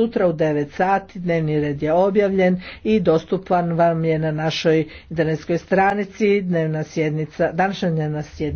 Sutra u 9 sati dnevni red je objavljen i dostupan vam je na našoj internetskoj stranici dnevna sjednica, današnja dnevna sjednica.